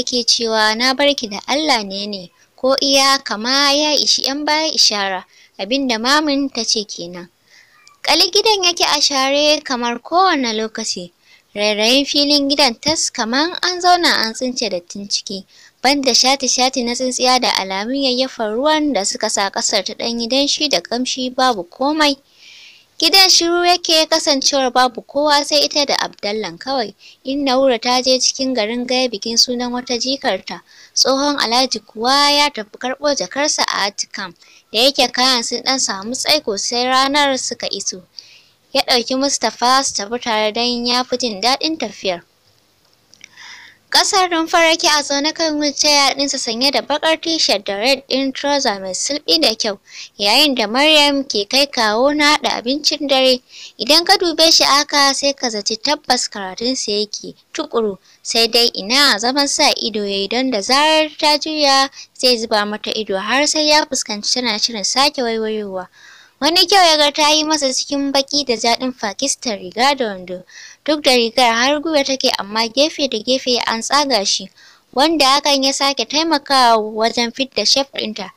yake cewa na barki da Allah ne ne ko iya kama ya ishi yan baya ishara abinda mamin ta ce kenan kali gidan yake a share kamar kowane lokaci rairayin filin gidan tas kamar an zauna an tsince dattin ciki banda shati-shati na tsintsiya da alamun yayyafar ruwan da suka sa ƙasar ta ɗanyi shi da kamshi babu komai Gidan shiru yake kasancewar babu kowa sai ita da Abdallan kawai. in Na'ura ta je cikin garin gaya bikin sunan wata jikarta. Tsohon Alhaji kuwa ya tafi karɓo jakarsa a Atikam. Da yake kayan sun ɗan samu tsaiko sai ranar suka iso. Ya ɗauki Mustapha su tafi tare don ya fi jin daɗin tafiyar. Ƙasar rumfaraki yake a zaune kan wheelchair ɗinsa sanye da baƙar t-shirt da red ɗin trouser mai sulɓi da kyau, yayin da Maryam ke kai kawo na haɗa abincin dare. Idan ka dube shi aka sai ka zaci tabbas karatun karatunsa yake tuƙuru. sai dai ina zaman sa ido yayi don da zarar ta juya zai zuba mata ido har sai ya fuskanci tana shirin sake waiwayowa. Wani kyau ya ga ta yi masa cikin baki da jaɗin fakistar riga da wando. Duk da rigar har gwiwa take amma gefe da gefe an tsaga shi, wanda hakan ya sake taimakawa wajen fidda shef ɗinta.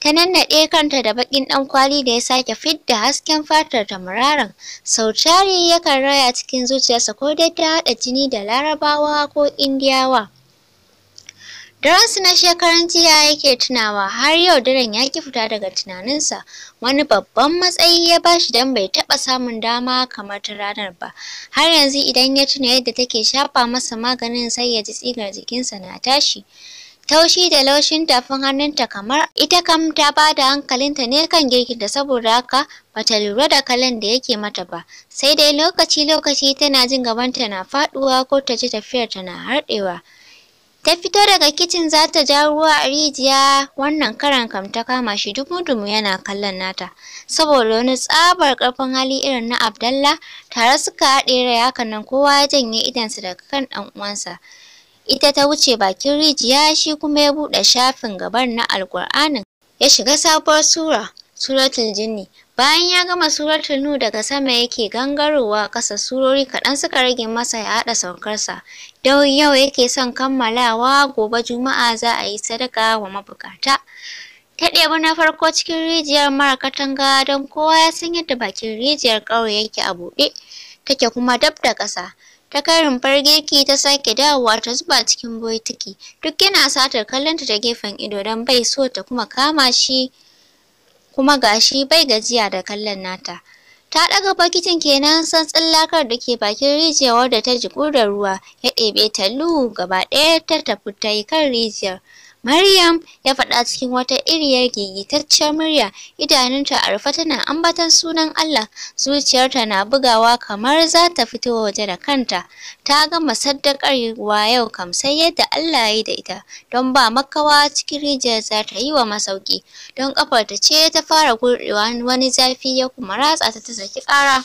Ta nannaɗe kanta da baƙin ɗan kwali da ya sake fidda hasken fatar ta muraran. Sau cari yakan raya cikin zuciyarsa ko dai ta haɗa jini da larabawa ko indiyawa. Daransu na shekarun jiya yake tunawa har yau daren ya ki fita daga tunaninsa wani babban matsayi ya bashi don bai taɓa samun dama kamar ta ranar ba. Har yanzu idan ya tuna yadda take shafa masa maganin sai ya ji tsigar jikinsa na tashi. Taushi da laushin tafin hannunta kamar ita kam ta ba da hankalinta ne kan girkinta saboda haka bata lura da kalan da yake mata ba. Sai dai lokaci-lokaci tana jin gabanta na faɗuwa ko ta ji tafiyarta na harɗewa. Ta fito daga kicin za ta ja ruwa a rijiya wannan karan kam ta kama shi dumu-dumu yana kallon nata. Saboda wani tsabar karfin hali irin na Abdallah tare suka haɗe rai hakan nan kowa ya janye idansa daga kan ɗan uwansa. Ita ta wuce bakin rijiya shi kuma ya buɗe shafin gaban na Alƙur'anin ya shiga sabuwar sura. Suratul Jinni Bayan ya gama suratul nu daga sama yake gangarowa ƙasa surori kaɗan suka rage masa ya haɗa saukarsa. don yau yake son kammalawa gobe juma'a za a yi sadaka wa mabukata. Ta ɗebi na farko cikin rijiyar mara katanga don kowa ya san yadda bakin rijiyar ƙauye yake a buɗe take kuma dab da ƙasa. ta kai rumfar girki ta sake dawowa ta zuba cikin boitiki duk yana satar kallonta da gefen ido don bai so ta kuma kama shi kuma gashi bai gajiya da kallon nata ta ɗaga bakitin kenan san lakar da ke bakin rijiyar da ta jiku da ruwa ya ɗebe ta lu gaba ɗaya ta tafi ta yi kan rijiyar Maryam ya faɗa cikin wata iriyar gigitacciyar murya, idanunta a rufe tana ambaton sunan Allah, zuciyarta na bugawa kamar za ta fito waje da kanta. Ta gama wa yau kam sai yadda Allah ya yi da ita, don ba makawa cikin rijiyar za ta yi wa masauki, don ƙafarta ce ta fara gurɗewa wani zafi ya kuma ratsa ta ta saki ƙara.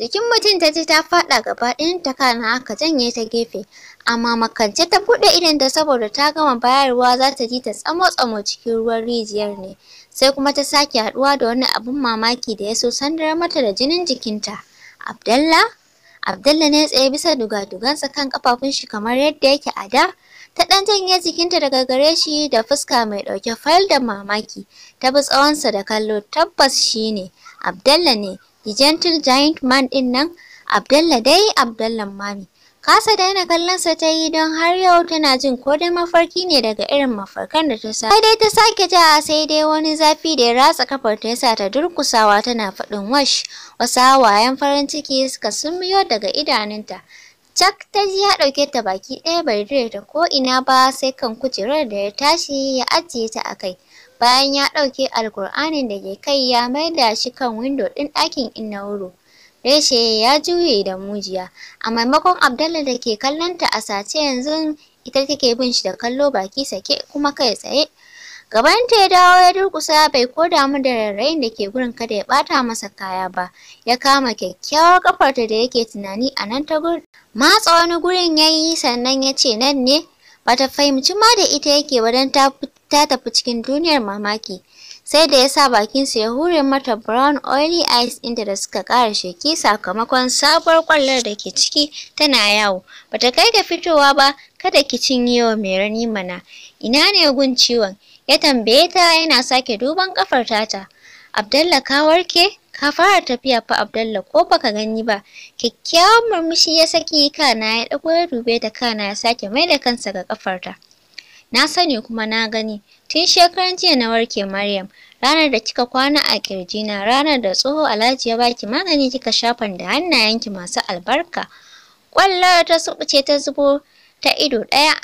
Jikin mutum ta ji ta faɗa gaba ɗayan ta kana aka janye ta gefe. Amma makance ta bude idan ta saboda ta gama bayarwa za ta ji ta tsamo-tsamo cikin ruwan rijiyar ne. Sai kuma ta sake haduwa da wani abun mamaki da ya so sandar mata da jinin jikinta. abdalla abdalla ne tsaye bisa dugadugansa kan kafafun shi kamar yadda yake a da. Ta ɗan janye jikinta daga gare shi da fuska mai ɗauke fayil da mamaki. Ta bi tsawonsa da kallo tabbas shi ne. ne. The gentle giant man din nan, Abdalla dai Abdallan mami. Kasa daina kallonsa ta yi don har yau tana jin ko dai mafarki ne daga irin mafarkan da ta sa. Sai dai ta sake ja sai dai wani zafi da ya ratsa kafar ta yasa ta durkusawa tana faɗin wash. Wasu hawayen farin ciki suka sumiyo daga idanunta. Jack ta ji ya ɗauke ta baki ɗaya bai dire ta ko ina ba sai kan kujerar da ya tashi ya ajiye ta a kai. Bayan ya ɗauke Alƙur'anin da ke kai ya maida shi kan windo ɗin ɗakin Innahuru. Reshe ya juye da mujiya. A maimakon Abdallah da ke kallonta a sace yanzu ita take bin shi da kallo baki sake kuma kai tsaye. Gaban ta ya dawo ya durkusa bai ko damu da rarrayin da ke gurin kada ya bata masa kaya ba. Ya kama kyakkyawar ta da yake tunani a nan ta gurin. Matsa wani gurin ya yi sannan ya ce nan ne. Bata fahimci ma da ita yake ba don ta ta tafi cikin duniyar mamaki sai da ya sa bakinsa ya hure mata brown oily eyes inda da suka kara sheki sakamakon sabuwar kwallar da ke ciki tana yawo bata kai ga fitowa ba kada ki cinye wa mai rani mana ina ne gun ciwon ya tambaye ta yana sake duban kafar tata abdalla ka warke ka fara tafiya fa abdalla ko baka gani ba kyakkyawan murmushi ya saki kana ya ɗago ya dube ta kana ya sake mai da kansa ga kafarta Na sani kuma na gani. Tun shekaran jiya na warke Maryam. Ranar da kika kwana a na, ranar da tsoho Alhaji ya baki magani kika shafan da hannayenki masu albarka. Kwallar ta subuce ta zubo ta ido ɗaya.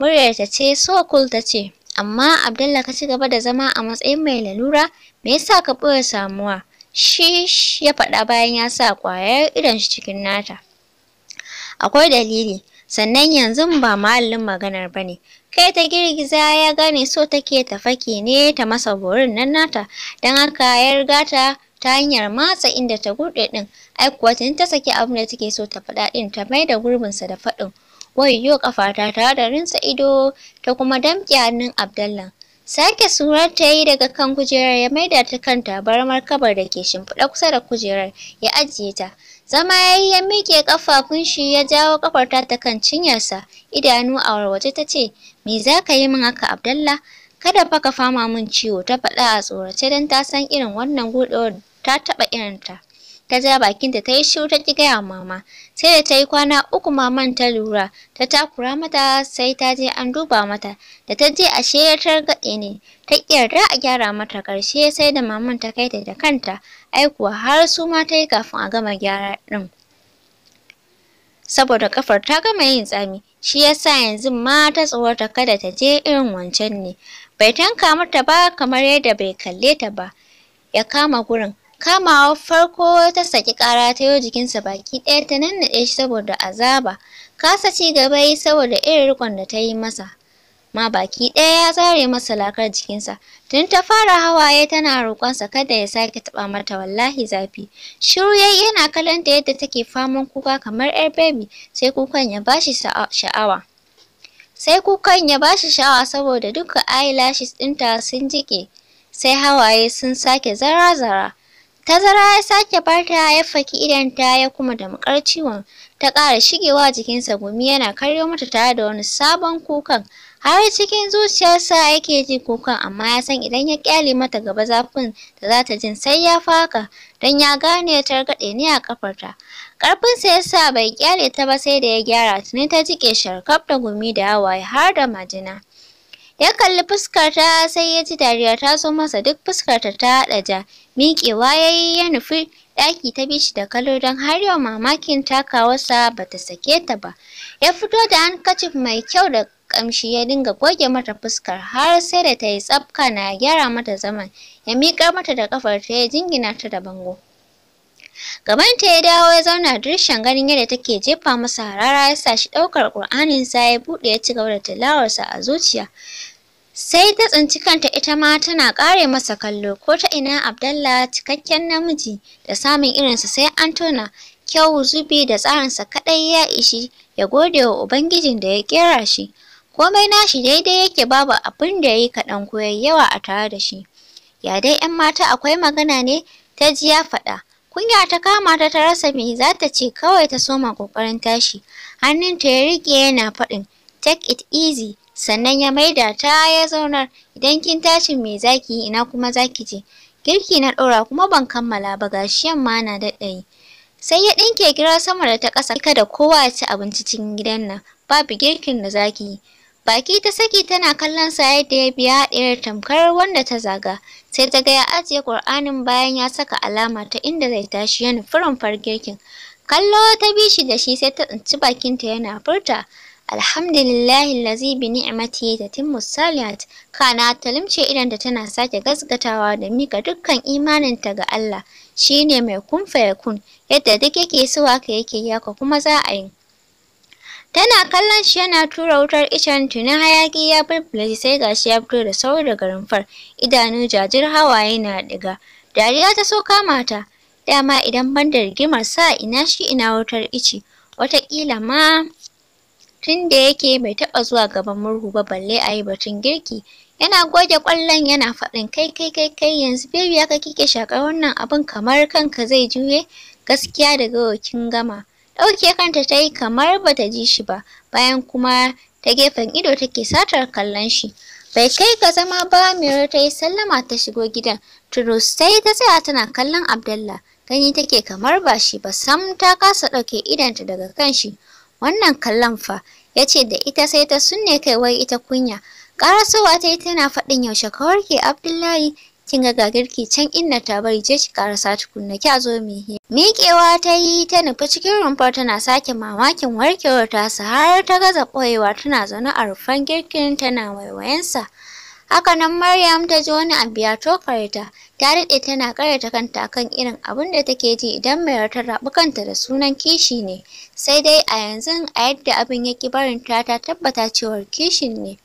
Muryar ta ce sokul ta ce, amma Abdullah ka ci gaba da zama a matsayin mai lalura, me yasa ka boye samuwa? Shi ya faɗa bayan ya sa ƙwayar idon shi cikin nata. Akwai dalili, sannan yanzu ba mahallin maganar bane. kai ta girgiza ya gane so take ta fake ne ta masa borin nan nata don haka ya riga ta ta hanyar matsa inda ta gurɗe ɗin ai kuwa tun ta saki abin da take so ta faɗa ɗin ta mai da gurbinsa da faɗin wayyo kafata ta da rinsa ido ta kuma damƙe hannun abdallan Sake surar ta yi daga kan kujerar ya maida ta kan tabarmar kabar da ke shimfiɗa kusa da kujerar ya ajiye ta. Zama ya yi ya miƙe ƙafafun shi ya jawo ƙafar ta ta kan cinyarsa, idanu a warwaje ta ce, Me za ka yi min haka Abdalla? Kada fa ka fama min ciwo ta faɗa a tsorace don ta san irin wannan buɗewar ta taɓa irinta. ta ja bakinta ta yi shiru ta ki mama sai da ta yi kwana uku maman ta lura ta takura mata sai ta je an duba mata da ta je a ya targaɗe ne ta yarda a gyara mata ƙarshe sai da maman ta kai ta da kanta ai kuwa har su ma ta yi kafin a gama gyara ɗin saboda kafar ta gama yin tsami shi yasa yanzu ma ta tsorata kada ta je irin wancan ne bai tanka mata ba kamar yadda bai kalle ta ba ya kama gurin Kamawa farko ta saki kara ta yau jikinsa baki ɗaya ta nannaɗe shi saboda azaba. Kasa ci gaba yi saboda irin rikon da ta yi masa. Ma baki ɗaya ya zare masa lakar jikinsa. Tun ta fara hawaye tana roƙonsa kada ya sake taɓa mata wallahi zafi. Shiru yayi yana kallon yadda take faman kuka kamar 'yar bebi sai kukan ya bashi sha'awa. sai kukan ya bashi sha'awa saboda duka eyelashes ɗinta sun jike sai hawaye sun sake zara-zara Tazara ya sake barta ya faki ta ya kuma da makar ciwon ta ƙara shigewa jikinsa gumi yana karyo mata tare da wani sabon kukan. Har cikin zuciyarsa yake jin kukan amma ya san idan ya kyale mata gaba zafin da za ta jin sai ya faka don ya gane targaɗe ne a kafarta. Ƙarfinsa ya sa bai kyale ta ba sai da ya gyara tuni ta jike sharkaf da gumi da hawaye har da majina. Ya kalli fuskarta sai ya ji dariya ta so masa duk fuskarta ta haɗa ja. Miƙewa ya yi ya nufi ɗaki ta bi shi da kallo don har yau mamakin takawarsa ba ta sake ta ba. Ya fito da hankacif mai kyau da ƙamshi ya dinga goge mata fuskar har sai da ta yi tsafka na gyara mata zaman. Ya miƙar mata da ƙafar ta ya jingina ta da bango. Gaban ta ya dawo ya zauna dirshan ganin yadda take jefa masa harara ya sa shi ɗaukar ƙur'anin sa ya buɗe ya ci gaba da tilawarsa a zuciya. Sai ta tsinci kanta ita ma tana ƙare masa kallo ko ta ina Abdallah cikakken namiji da samun irinsa sai an tona kyau zubi da tsarinsa kaɗai ya ishi ya gode wa Ubangijin da ya ƙera shi. Komai nashi daidai yake babu abin da ya yi kaɗan koyayyawa yawa a tare da shi. Ya dai ‘yan mata akwai magana ne ta ji ya faɗa. Kunya ta kama ta ta rasa me za ta ce kawai ta soma ƙoƙarin tashi. Hannunta ya rike yana faɗin, take it easy, sannan ya maida ta ya zauna idan kin tashi me zaki, yi ina kuma zaki ki je. Girki na ɗora kuma ban kammala ba gashi yamma na daɗayi. Sai ya ɗinke gira sama da ta ƙasa kada kowa ya ci abinci cikin gidan nan, babu girkin da zaki. yi. Baki ta saki tana kallon sa yadda ya biya ɗayar tamkar wanda ta zaga. Sai ta ga ya ajiye Ƙur'anin bayan ya saka alama ta inda zai tashi ya nufi rumfar girkin. Kallo ta bi shi da shi sai ta tsinci bakin ta yana furta. Alhamdulillahi lazi bi ni'mati da timmu saliyat. Kana ta idan da tana sake gasgatawa da mika dukkan imaninta ga Allah. Shi ne mai kun yadda duk yake suwa ka yake yaka kuma za a yi. Tana kallon shi yana tura wutar icen tuni hayaki ya bulbula sai ga shi ya fito da sauri daga rumfar. Idanu jajir hawaye na diga. Dariya ta so kama ta. Dama idan ban da rigimar sa ina shi ina wutar ici. Wataƙila ma tun da yake bai taɓa zuwa gaban murhu ba balle a yi batun girki. Yana goge ƙwallon yana faɗin kai kai kai kai yanzu bebi haka kike shaƙar wannan abin kamar kanka zai juye gaskiya daga gama. ɗauke kanta ta yi kamar ba ta ji shi ba bayan kuma ta gefen ido take satar kallon shi bai kai ka zama ba miro ta yi sallama ta shigo gidan turus sai ta tsaya tana kallon abdalla gani take kamar ba shi ba sam ta kasa ɗauke idanta daga kan shi wannan kallon fa ya ce da ita sai ta sunne kai wai ita kunya ƙarasowa ta yi tana faɗin yaushe kawar ke abdullahi kin ga ga girki can inna ta bari je ki karasa tukunna kya zo mu yi miƙewa ta yi ta nufi cikin rumfar tana sake mamakin warkewar ta har ta gaza ɓoyewa tana zaune a rufan girkin tana waiwayensa haka nan maryam ta ji wani abu ya tokare ta ta daɗe tana ƙaryata kanta kan irin abun da take ji idan mai ta raɓi kanta da sunan kishi ne sai dai a yanzu a yadda abin yake barin ta ta tabbata cewar kishin ne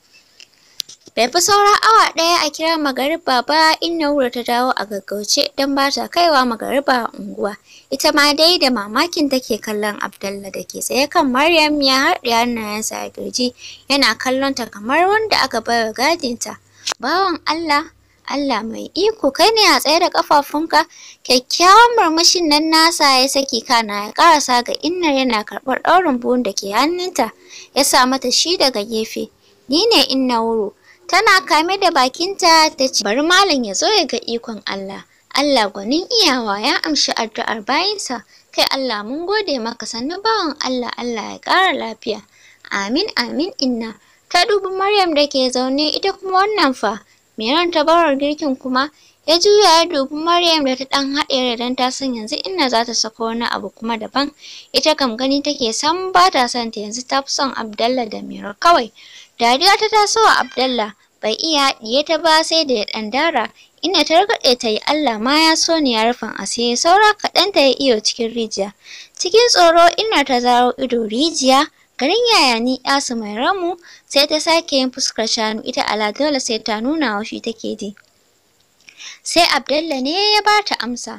Bai fi saura awa ɗaya a kira magariba ba inna wura ta dawo a gaggauce don ba ta kaiwa magariba a unguwa. Ita ma dai da mamakin take kallon Abdalla da ke tsaye kan Maryam ya haɗe hannayensa a kirji yana kallon ta kamar wanda aka baiwa gadinta. Bawan Allah, Allah mai iko kai ne a tsaye da ƙafafunka kyakkyawan murmushin nan nasa ya saki kana ya ƙarasa ga innar yana karɓar ɗaurin buhun da ke hannunta ya sa mata shi daga gefe. Ni ne inna wuro. tana kame da bakinta ta ce bari malam ya zo ya ga ikon Allah Allah gwanin iyawa ya amshi addu'ar bayinsa kai Allah mun gode maka sannu bawan Allah Allah ya ƙara lafiya amin amin inna ta dubi Maryam da ke zaune ita kuma wannan fa me ran ta girkin kuma ya juya ya dubi Maryam da ta dan haɗe don ta san yanzu inna za ta sako wani abu kuma daban ita kam gani take san ba ta son ta yanzu ta fi son Abdallah da Mira kawai dariya ta taso wa Abdallah bai iya haɗiye ta ba sai da ya ɗan dara ina ta rikaɗe ta yi Allah ma ya so ne ya rufin asiri saura kaɗan ta yi iyo cikin rijiya cikin tsoro ina ta zaro ido rijiya garin yaya ni yasu mai ramu sai ta sake yin fuskar shanu ita ala dole sai ta nuna wa shi take ji sai Abdalla ne ya ba ta amsa.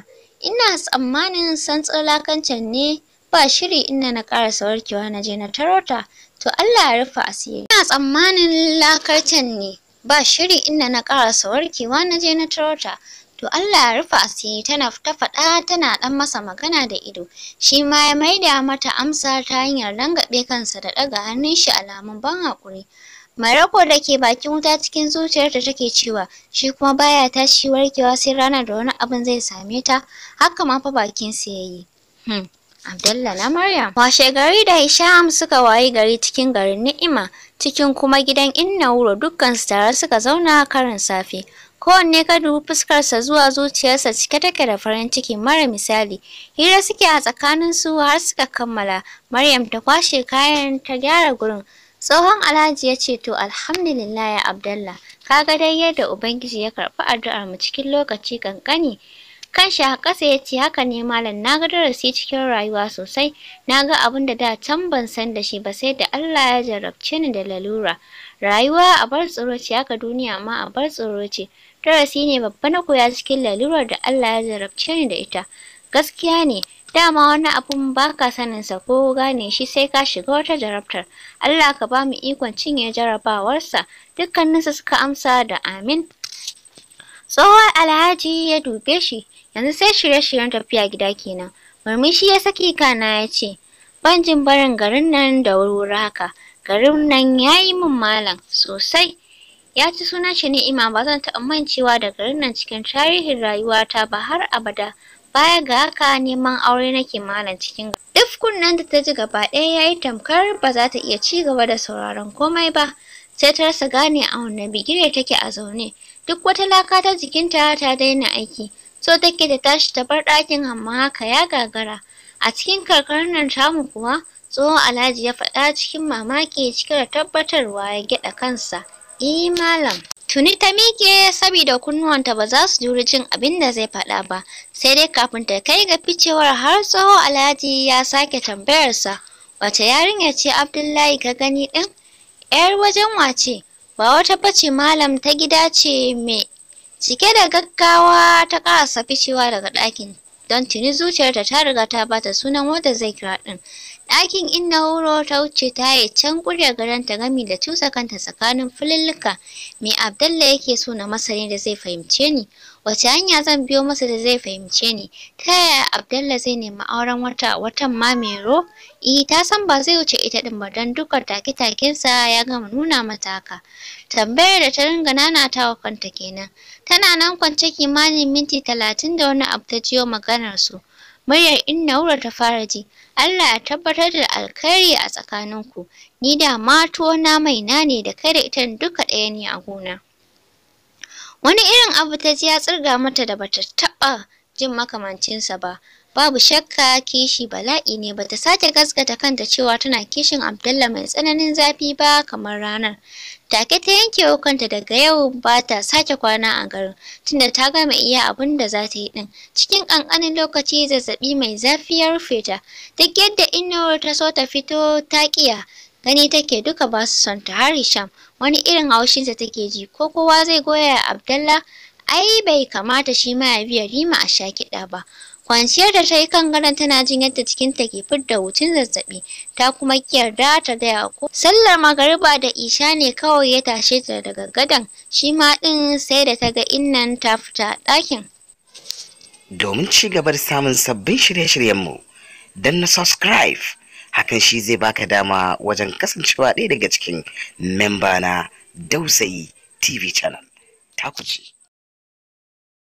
Ina tsammanin san tsallakancan ne ba shiri ina na ƙarasa warkewa na je na tarota, to Allah ya rufe asiri. Ina tsammanin lakarcan ne ba shiri ina na ƙarasa warkewa na je na tarota. To Allah ya rufe asiri tana ta faɗa tana ɗan masa magana da ido. Shi ma ya maida mata amsa ta hanyar dangaɓe kansa da ɗaga hannun shi alamun ban haƙuri. mai rako da ke bakin wuta cikin zuciyar zuciyarta take cewa shi kuma baya tashi warkewa sai rana da wani abin zai same ta haka ma fa bakin sa yayi. Hmm. Abdalla na Maryam. Washe gari da Hisham suka wayi gari cikin garin Ni'ima cikin kuma gidan Inna Wuro dukkan su tare suka zauna karin safe. kowanne ka dubi fuskarsa zuwa zuciyarsa cike take da farin ciki mara misali hira suke a su har suka kammala maryam ta kwashe kayan ta gyara gurin Tsohon Alhaji ya ce to alhamdulillah ya Ka ga dai yadda Ubangiji ya karɓi addu'ar mu cikin lokaci kankani. Kanshi a ƙasa ya ce haka ne malam na ga darasi cikin rayuwa sosai, na ga abin da da can ban san da shi ba sai da Allah ya jarabce ni da lalura. Rayuwa a bar tsoro ce haka duniya ma a bar tsoro ce. Darasi ne babba na koya cikin lalurar da Allah ya jarabce ni da ita. gaskiya ne dama wani abun ba ka saninsa ko gane shi sai ka shiga wata jarabtar Allah ka ba mu ikon cinye jarabawarsa dukkaninsu suka amsa da amin tsohon alhaji ya dube shi yanzu sai shirye-shiryen tafiya gida kenan murmushi ya saki kana ya ce ban jin barin garin nan da wuri haka garin nan ya yi min malam sosai ya ci sunan shi ni'ima ba zan taɓa mancewa da garin nan cikin tarihin rayuwata ba har abada Baya ga haka neman aure nake malam cikin Duk kunnen da ta ji gaba ɗaya ya yi tamkar ba za ta iya ci gaba da sauraron komai ba. Sai ta rasa gane a wannan bigire take a zaune. Duk wata laka ta jikinta ta daina aiki. So take da tashi ta bar ɗakin amma haka ya gagara. A cikin karkarar nan tamu kuwa, tsohon Alhaji ya faɗa cikin mamaki cike da tabbatarwa ya gyaɗa kansa. Eh malam. Tuni ta miƙe saboda kunnuwanta ba za su juri jin abin da zai faɗa ba, sai dai kafin ta kai ga ficewar har tsoho Alhaji ya sake tambayarsa, wace yarinya ce Abdullahi ka gani ɗin? ‘Yar wajen wace, ba wata bace malam ta gida ce mai cike da gaggawa ta ƙarasa ficewa daga ɗakin don tuni zuciyarta ta riga ta bata sunan wanda zai kira ɗin. ɗakin inna wuro ta wuce ta yi can ƙurya garan ta gami da cusa kanta tsakanin fulillika me abdalla yake so na masani da zai fahimce ni wace hanya zan biyo masa da zai fahimce ni ta yaya abdalla zai nemi auren wata watan ma mero eh ta san ba zai wuce ita din ba don dukkan take-takensa ya gama nuna mataka. tambayar da ta ringa wa kanta kenan tana nan kwance kimanin minti talatin da wani abu ta jiyo maganar su muryar inna wuro ta fara ji Allah ya tabbatar da alkhairi a tsakaninku ni da mato na maina ne da kai da ita duka ɗaya ne a gona wani irin abu ta ji ya tsirga mata da bata taɓa jin makamancinsa ba Babu shakka kishi bala'i ne bata sake gaskata kanta cewa tana kishin Abdullah mai tsananin zafi ba kamar ranar. Take ta yanke kanta daga yau ba ta sake kwana a garin tunda ta gama iya abin da za ta yi din. Cikin ƙanƙanin lokaci zazzabi mai zafi ya rufe ta. Duk yadda Innor ta so ta fito ta ƙiya. gani take duka ba su son ta har sham wani irin haushinsa take ji ko kowa zai goya Abdallah ai bai kamata shi ma ya biya rima a sha kiɗa ba kwanciyar da ta yi kan gadon tana jin yadda cikinta ke fidda wucin zazzabi ta kuma ki yarda ta gaya ko sallar magariba da isha ne kawai ya tashe ta daga gadon shi ma din sai da ta ga innan ta fita ɗakin domin ci gaba da samun sabbin shirye-shiryenmu don na subscribe hakan shi zai baka dama wajen kasancewa ɗaya daga cikin memba na dausayi tv channel ta kuce